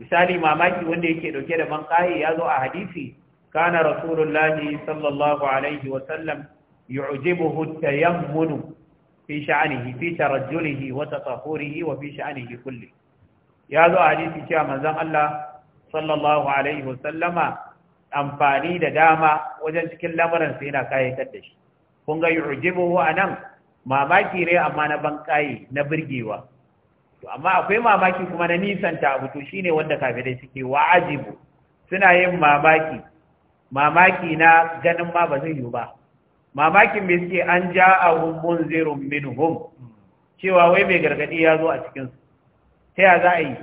misali mamaki wanda yake dauke da manqahi ya zo a hadisi kana rasulullahi sallallahu alaihi wa sallam yu'jibuhu at-tayammun fi sha'nihi fi tarajjulihi wa tatahhurihi wa fi sha'nihi kulli ya zo a hadisi cewa manzon Allah sallallahu alaihi wa sallama amfani da dama wajen cikin lamarin sai yana kayatar da shi kun ga yu'jibuhu anan mamaki ne amma na bankaye na birgewa to amma akwai mamaki kuma na nisanta abu to shine wanda kafirai suke wa ajibu suna yin mamaki mamaki na ganin ma ba zai yi ba mamakin me suke an ja a ja'ahum munzirun minhum cewa wai mai gargadi ya zo a cikin su ta ya za a yi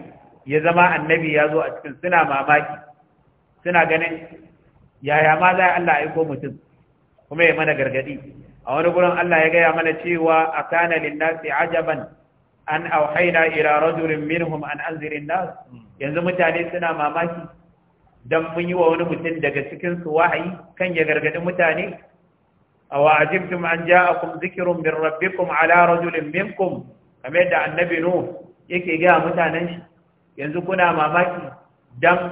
ya zama annabi ya zo a cikin suna mamaki suna ganin yaya ma za a Allah aiko mutum kuma ya mana gargadi a wani gurin Allah ya gaya mana cewa a akana linnasi ajaban an auhaina ila rajulin minhum an anzirin nas hmm. yanzu mutane suna mamaki dan mun yi wa wani mutum daga cikin su wahayi kan ya gargadi mutane aw ajibtum an ja'akum dhikrun min rabbikum ala rajulin minkum kamar yadda annabi nu yake ga mutanen shi yanzu kuna mamaki dan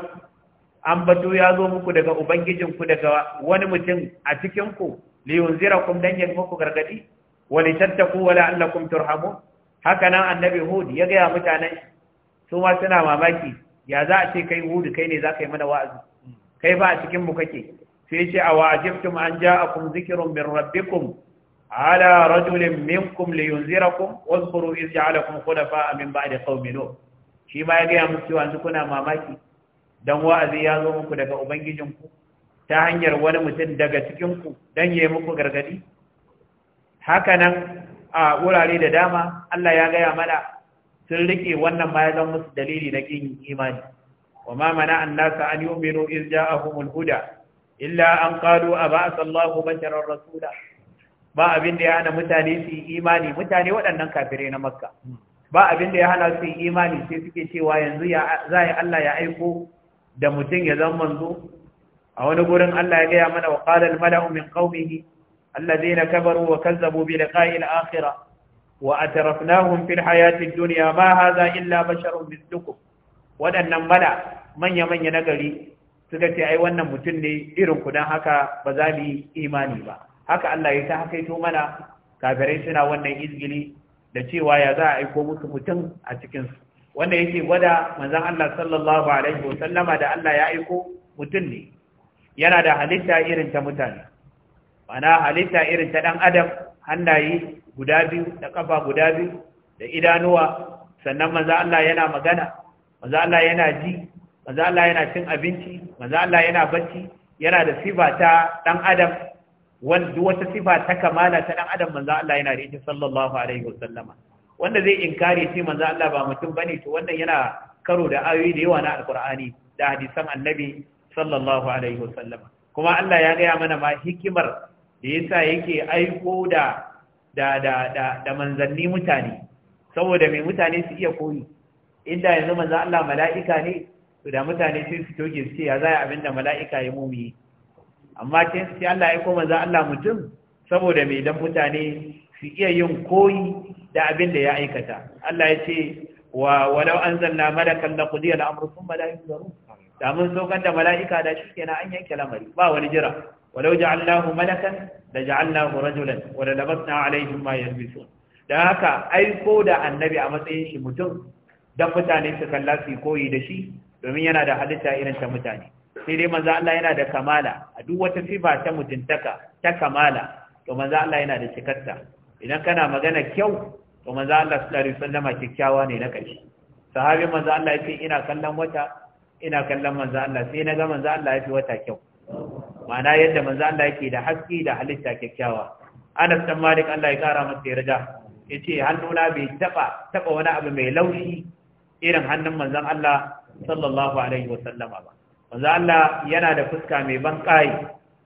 an bato ya zo muku daga ubangijinku daga wani mutum a cikin cikinku liyunzirakum dan ya muku gargadi wa litattaqu wa la'allakum turhamun haka nan annabi hud ya gaya mutanen su ma suna mamaki ya za a ce kai hud kai ne za ka yi mana wa'azi kai ba a cikin mu kake sai ce a wajibtum an ja'akum zikrun min rabbikum ala rajulin minkum liyunzirakum wazkuru iz ja'alakum khulafa min ba'di qaumi nuh shi ma ya gaya muku cewa kuna mamaki dan wa'azi ya zo muku daga ubangijinku ta hanyar wani mutum daga cikinku dan yayi muku gargadi haka nan a wurare da dama Allah ya gaya mana sun rike wannan ma ya zama musu dalili na kin imani wa ma mana annasa an yu'minu iz ja'ahumul huda illa an qalu aba'atha Allahu rasula ba abin da ya hana mutane su yi imani mutane waɗannan kafirai na Makka ba abin da ya hana su yi imani sai suke cewa yanzu ya za ya Allah ya aiko da mutum ya zama manzo a wani gurin Allah ya gaya mana wa qala al mala'u min qaumihi الذين كفروا وكذبوا بلقاء الآخرة وأترفناهم في الحياة الدنيا ما هذا إلا بشر مثلكم waɗannan mala manya-manya nagari gari suka ce ai wannan mutum ne irin ku don haka ba za mu yi imani ba haka Allah ya ta hakaito mana kafirai suna wannan izgili da cewa ya za a aiko musu mutum a cikinsu wanda yake gwada manzan Allah sallallahu alaihi wa sallama da Allah ya aiko mutum ne yana da halitta irin ta mutane mana halitta irin ta ɗan adam hannaye guda biyu da ƙafa guda biyu da idanuwa sannan maza Allah yana magana maza Allah yana ji maza Allah yana cin abinci maza Allah yana bacci yana da sifa ta ɗan adam wanda wata sifa ta kamala ta ɗan adam maza Allah yana da ita sallallahu alaihi wasallama wanda zai inkari ce maza Allah ba mutum bane to wannan yana karo da ayoyi da yawa na alkur'ani da hadisan annabi sallallahu alaihi sallama, kuma Allah ya gaya mana ma hikimar da yasa yake aiko da da da da, da manzanni mutane saboda mai mutane su iya koyi inda yanzu manzo Allah mala'ika ne to da mutane sun su toge su ce ya zai abinda mala'ika ya mumi amma kin sai Allah ya aiko manzo Allah mutum saboda mai dan mutane su iya yin koyi da abinda ya aikata Allah ya ce wa walau anzalna malakan laqdiya al-amru thumma la yunzaru da mun saukan da mala'ika da shi kenan an yanke lamari ba wani jira walau ja'alnahu malakan da ja'alnahu rajulan wa la labasna alaihim ma yalbisun dan haka aiko da annabi a matsayin shi mutum dan mutane su kalla su koyi da shi domin yana da halitta irin ta mutane sai dai manzo Allah yana da kamala a duk wata sifa ta mutuntaka ta kamala to manzo Allah yana da cikarta idan kana magana kyau to manzo Allah sallallahu alaihi wasallam kikkiawa ne na kashi sahabi manzo Allah yace ina kallon wata ina kallon manzo Allah sai naga manzo Allah yafi wata kyau ma'ana yadda manzo Allah yake da haske da halitta kyakkyawa Anas dan Malik Allah ya kara masa Ya yace hannuna bai taba taba wani abu mai laushi irin hannun manzon Allah sallallahu alaihi wa sallama ba manzo Allah yana da fuska mai ban kai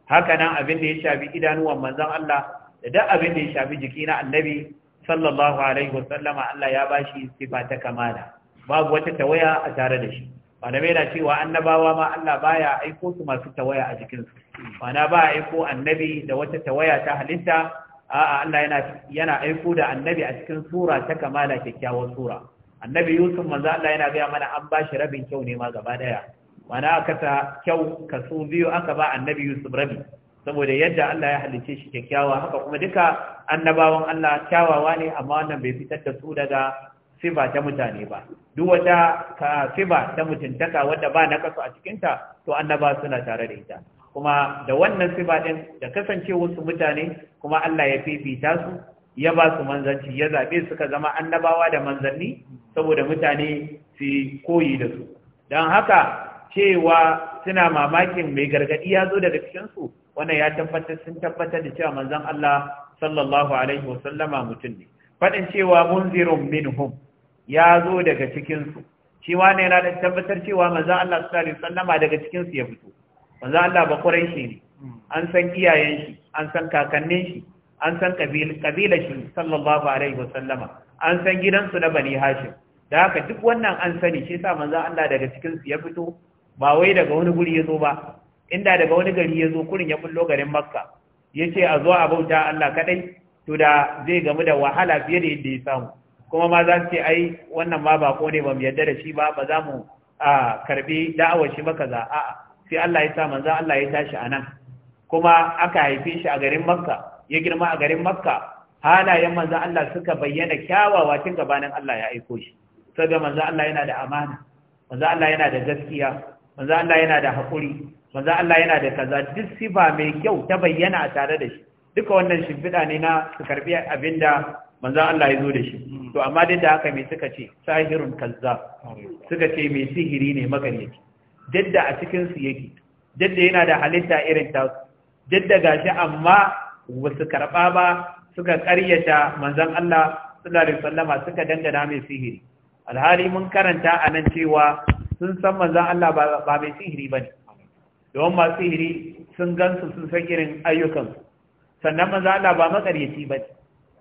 haka nan abin da ya shafi idanuwan manzon Allah da duk abin da ya shafi jiki na annabi sallallahu alaihi wa sallama Allah ya bashi sifa ta kamala babu wata tawaya a tare da shi malamai na cewa annabawa ma Allah baya aiko su masu tawaya a jikinsu mana ba a aiko annabi da wata tawaya ta halitta a'a Allah yana aiko da annabi a cikin sura ta kamala kyakkyawar sura annabi Yusuf manzo Allah yana gaya mana an ba shi rabin kyau ne ma gaba daya mana aka ta kyau kaso biyu aka ba annabi Yusuf rabi saboda yadda Allah ya halice shi kyakkyawa haka kuma duka annabawan Allah kyawawa ne amma wannan bai fitar da su daga sifa ta mutane ba duk wata sifa ta mutuntaka wadda ba na kaso a cikinta to annaba suna tare da ita kuma da wannan sifa ɗin da kasance wasu mutane kuma Allah ya fifita su ya ba su manzanci ya zaɓe suka zama annabawa da manzanni saboda mutane su koyi da su don haka cewa suna mamakin mai gargaɗi ya zo daga cikinsu, wannan ya tabbatar sun tabbatar da cewa manzan Allah sallallahu alaihi wasallama mutum ne Faɗin cewa munzirun minhum ya zo daga cikinsu. shi wane yana da tabbatar cewa manzan Allah sallallahu alaihi sallama daga cikinsu ya fito manzo Allah ba shi ne an san iyayen shi an san kakannin shi an san kabilar shi sallallahu alaihi wasallama an san gidansu na bani hashim da haka duk wannan an sani shi sa manzo Allah daga cikin su ya fito ba wai daga wani guri ya zo ba inda daga wani gari ya zo kurin ya bullo garin makka Ya ce a zo a bauta Allah kadai to da zai gamu da wahala fiye da yadda ya samu kuma ma za su ce ai wannan ma bako ne ba mu yarda da shi ba ba za mu karbi da'awar shi ba kaza a'a sai Allah ya sa manzo Allah ya tashi anan kuma aka haife shi a garin Makka ya girma a garin Makka halayen manzo Allah suka bayyana kyawawa tun gabanin Allah ya aiko shi saboda manzo Allah yana da amana manzo Allah yana da gaskiya manzo Allah yana da hakuri manzo Allah yana da kaza duk sifa mai kyau ta bayyana a tare da shi duka wannan shimfiɗa ne na su karbi abinda manzo Allah ya zo da shi to amma duk da haka me suka ce sahirun kazzab suka ce mai sihiri ne magaryaci jadda a cikinsu yake jadda yana da halitta irin ta jadda gashi amma ba su karɓa ba suka ƙaryata manzon Allah sallallahu alaihi wasallama suka dangana mai sihiri alhali mun karanta a nan cewa sun san manzon Allah ba mai sihiri bane don ma sihiri sun gansu sun san irin su. sannan manzon Allah ba makaryaci bane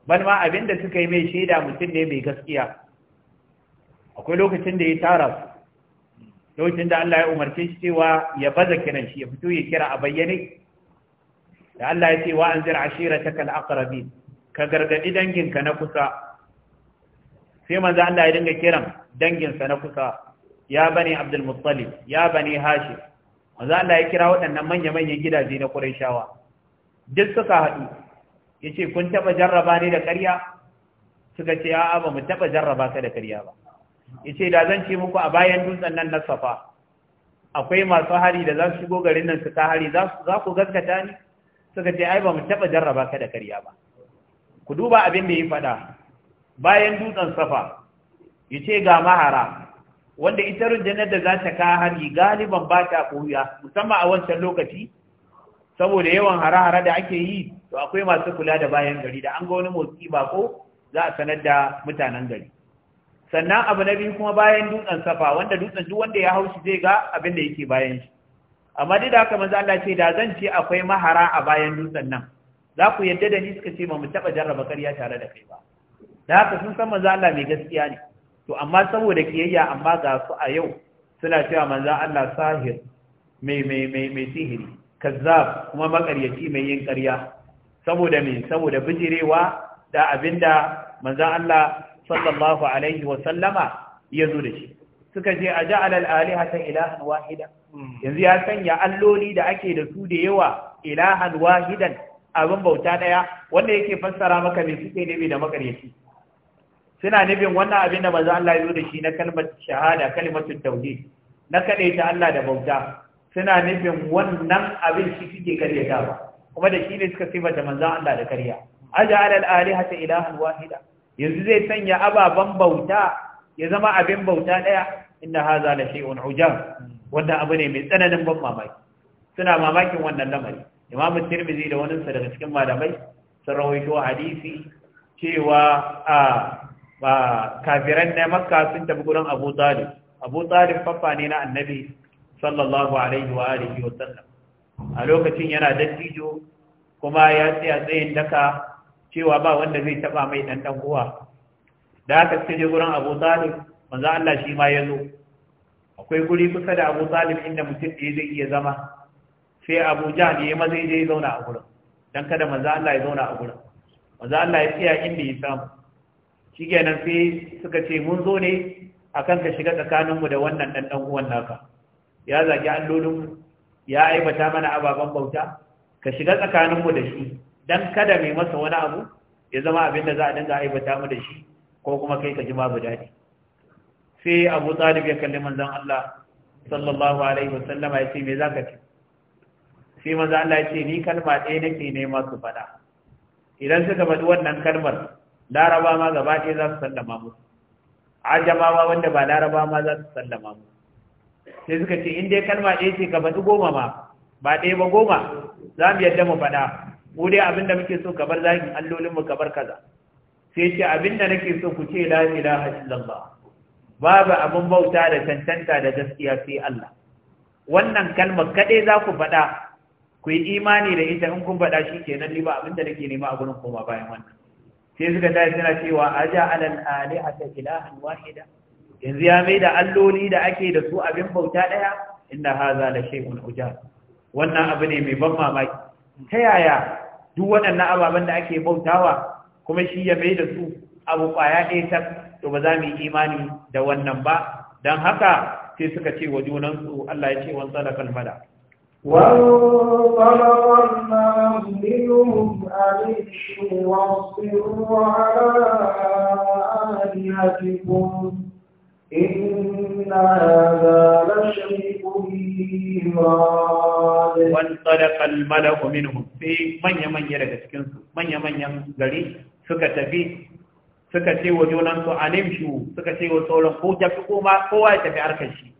ban ma abinda suka yi mai shaida mutum ne mai gaskiya akwai lokacin da ya tara su lokacin da Allah ya umarce shi cewa ya baza kiran shi ya fito ya kira a bayyane da Allah ya ce wa anzir ashirataka al-aqrabin ka gargadi danginka na kusa sai manzo Allah ya dinga kiran danginsa na kusa ya bani Abdul Muttalib ya bani Hashim manzo Allah ya kira waɗannan manya-manyan gidaje na Qurayshawa duk suka haɗu yace kun taba jarraba ne da ƙarya suka ce a'a ba mu taba jarraba ka da ƙarya ba yace da zan ce muku a bayan dutsen nan na safa akwai masu hari da za su shigo garin nan su ta hari za ku gaskata ni suka ce ai ba mu taba jarraba ka da karya ba ku duba abin da ya faɗa bayan dutsen safa yace ga mahara wanda ita rundunar da za ta ka hari galiban ba ta koya musamman a wancan lokaci saboda yawan hare-hare da ake yi to akwai masu kula da bayan gari da an ga wani motsi ko za a sanar da mutanen gari sannan abu na biyu kuma bayan dutsen safa wanda dutsen duk wanda ya hau shi zai ga abin da yake bayan shi amma duk da haka manzo Allah ce da zan ce akwai mahara a bayan dutsen nan za ku yadda da ni suka ce ba mu taba jarraba ƙarya tare da kai ba da haka sun san manzo Allah mai gaskiya ne to amma saboda kiyayya amma ga su a yau suna cewa manzo Allah sahir mai mai mai mai sihiri kazzab kuma makaryaci mai yin ƙarya saboda me saboda bijirewa da abinda manzo Allah sallallahu alaihi wa sallama ya zo da shi suka ce a ja'al al-alihata ilahan wahida yanzu ya sanya alloli da ake da su da yawa ilahan wahidan abin bauta daya wanda yake fassara maka me suke nabi da makaryaci suna nufin wannan abin da manzo Allah ya zo da shi na kalmar shahada kalmatul tauhid na kade ta Allah da bauta suna nufin wannan abin shi suke karyata ba kuma da shi ne suka da manzo Allah da karya aja'ala al-alihata ilahan wahida yanzu zai sanya ababen bauta ya zama abin bauta ɗaya inda haza da shi'un hujjar wanda abu ne mai tsananin ban mamaki suna mamakin wannan lamari imamu tirmizi da wani daga cikin malamai sun rawaito hadisi cewa a ba kafiran na makka sun tafi gurin abu talib abu talib fafa ne na annabi sallallahu alaihi wa alihi wa sallam a lokacin yana dattijo kuma ya tsaya tsayin daka cewa ba wanda zai taba mai dan dan uwa da aka ce je gurin Abu Talib manzo Allah shi ma ya zo akwai guri kusa da Abu Talib inda mutum ɗaya zai iya zama sai Abu Jahl ya maza ya je zauna a gurin dan kada manzo Allah ya zauna a gurin manzo Allah ya tsaya inda ya samu shikenan sai suka ce mun zo ne akan ka shiga tsakaninmu da wannan dan dan uwan naka ya zaki allolin ya aibata mana ababen bauta ka shiga tsakaninmu da shi dan kada mai masa wani abu ya zama abin da za a dinga aibata mu da shi ko kuma kai ka ji babu daɗi sai abu talib ya kalli manzon Allah sallallahu alaihi wasallama ya ce me zaka ce sai manzon Allah ya ce ni kalma ɗaya nake nema su faɗa idan suka faɗi wannan kalmar laraba ma gaba ɗaya za su sallama musu ajamawa wanda ba laraba ma za su sallama musu sai suka ce in dai kalma ɗaya ce ka faɗi goma ma ba ɗaya ba goma za mu yadda mu faɗa mu dai abin da muke so ka bar zagin allolin mu ka bar kaza sai ce abin da nake so ku ce la ilaha illallah babu abin bauta da tantanta da gaskiya sai Allah wannan kalmar kaɗai za ku faɗa ku yi imani da ita in kun faɗa shi kenan ni ba abin da nake nema a gurin koma bayan wannan sai suka tashi suna cewa aja alal alihata ilahan wahida yanzu ya mai da alloli da ake da su abin bauta ɗaya inna haza la shay'un ujar wannan abu ne mai ban mamaki ta yaya duk waɗannan ababen da ake bautawa kuma shi ya mai da su abu ƙwaya ɗaya ta to ba za mu yi imani da wannan ba don haka sai suka ce wa junansu Allah ya ce wa sadaqal mala وانطلق المرء منهم أن امشوا إن هذا لشيء يراد وانطلق الملأ منهم في من يمن يرد من يمن ينقلي سكتبي suka ce wa su a nimshu suka ce wa sauran ko fi koma kowa ya tafi harkar shi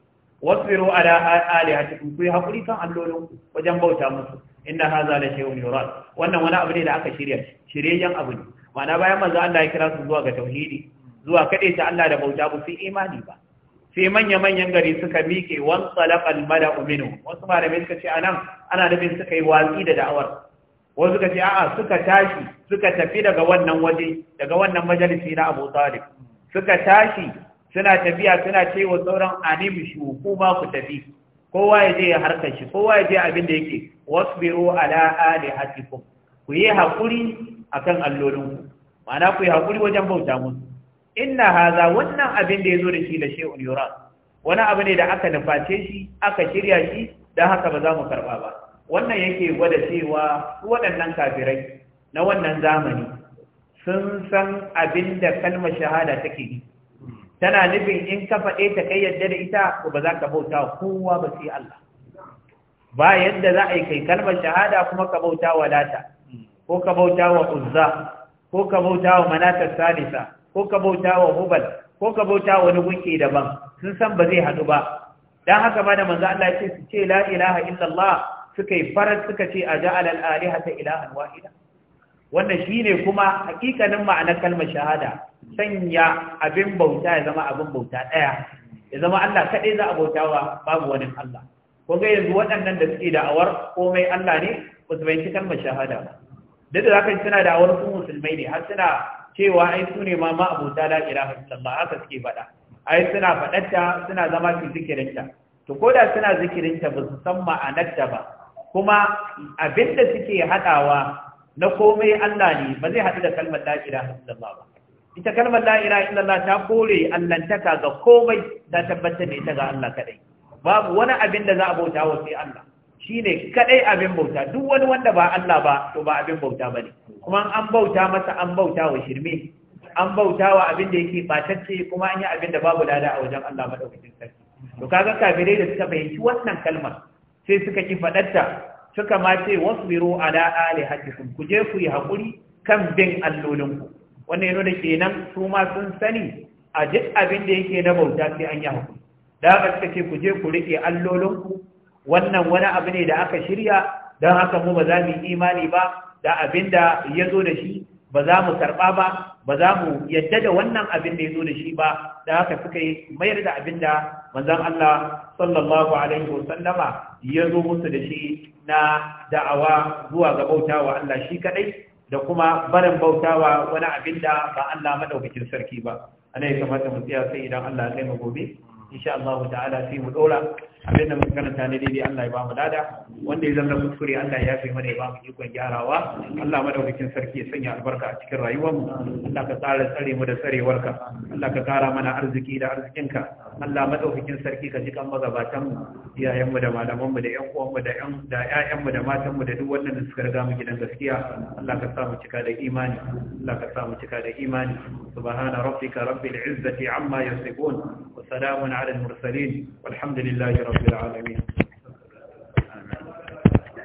wasbiru ala alihatikum ku yi hakuri kan allolin wajen bauta musu inna hadha la shay'un yurad wannan wani abu ne da aka shirya shiryayyen abu ne ma'ana bayan manzo Allah ya kira su zuwa ga tauhidi zuwa kaɗai ta Allah da bauta ba su imani ba sai manya-manyan gari suka miƙe wan tsalafal mada uminu wasu malamai suka ce anan ana nufin suka yi watsi da da'awar wasu suka ce a'a suka tashi suka tafi daga wannan waje daga wannan majalisi na Abu Talib suka tashi suna tafiya suna cewa wa sauran anim shu kuma ku tafi kowa ya je ya harkar shi kowa ya je abin da yake wasbiru ala hatikum. ku yi hakuri akan allolinku ma'ana ku yi hakuri wajen bauta musu inna haza wannan abin da ya zo da shi da shehun yura wani abu ne da aka nuface shi aka shirya shi don haka ba za mu karɓa ba wannan yake gwada cewa waɗannan kafirai na wannan zamani sun san abin da kalmar shahada take yi tana nufin in ka faɗe ta kai yadda da ita ko ba za ka bauta kowa ba sai Allah ba yadda za a yi kai kalmar shahada kuma ka bauta wa lata ko ka bauta wa uzza ko ka bauta wa manatar salisa ko ka bauta wa hubal ko ka bauta wani gunki daban sun san ba zai haɗu ba dan haka ba da manzo Allah ce su ce la ilaha illallah suka yi farar suka ce a ja'ala al-alihata ilahan wahida wannan shine kuma hakikanin ma'anar kalmar shahada sanya abin bauta ya zama abin bauta daya ya zama Allah kaɗai za a bautawa babu wani Allah ko ga yanzu waɗannan da suke da'awar komai Allah ne ba su bayanci kalmar shahada ba duk da zaka suna da'awar su musulmai ne har suna cewa ai su ne ma ma'abuta la ilaha illallah haka suke faɗa ai suna faɗarta suna zama su zikirinta to koda suna zikirinta ba su san ta ba kuma abinda suke haɗawa na komai Allah ne ba zai haɗu da kalmar la ilaha illallah ba ita kalmar la ilaha illallah ta kore allantaka ga komai ta tabbatar da ita ga Allah kadai babu wani abin da za a bauta wa sai Allah Shi ne kaɗai abin bauta duk wani wanda ba Allah ba to ba abin bauta ba ne? kuma an bauta masa an bauta wa shirme an bauta wa abin da yake ɓatacce kuma an yi abin da babu lada a wajen Allah madaukakin sarki to kaga kafirai da suka fahimci wannan kalmar sai suka ki faɗarta suka ma ce wasbiru ala alihatikum ku je ku yi haƙuri kan bin allolinku wannan yana da kenan su ma sun sani a duk abin da yake na bauta sai an yi haƙuri. da haka ce ku je ku riƙe allolinku wannan wani abu ne da aka shirya don haka mu ba za mu yi imani ba da abin da ya zo da shi ba za mu karɓa ba ba za mu yadda da wannan abin da ya zo da shi ba da haka suka yi mayar da abin da manzon Allah sallallahu alaihi wasallama ya zo musu da shi na da'awa zuwa ga bautawa Allah shi kaɗai, da kuma barin bautawa wani abin da ba Allah madaukakin sarki ba ana ya kamata mu tsaya sai idan Allah ya kai mu gobe insha Allah ta'ala sai mu ɗora. abin da muka karanta ne daidai Allah ya ba mu lada wanda ya zama kuskure Allah ya fi mana ya ba mu ikon gyarawa Allah madaukakin sarki ya sanya albarka a cikin rayuwarmu Allah ka tsara tsare mu da tsarewarka Allah ka kara mana arziki da arzikinka Allah madaukakin sarki ka ji kan magabatan mu iyayen mu da malaman mu da ƴan uwan mu da ƴan da ƴaƴan mu da matan mu da duk wannan da suka riga mu gidan gaskiya Allah ka sa mu cika da imani Allah ka sa mu cika da imani subhana rabbika rabbil izzati amma yasifun wa salamun ala al mursalin walhamdulillahi رب العالمين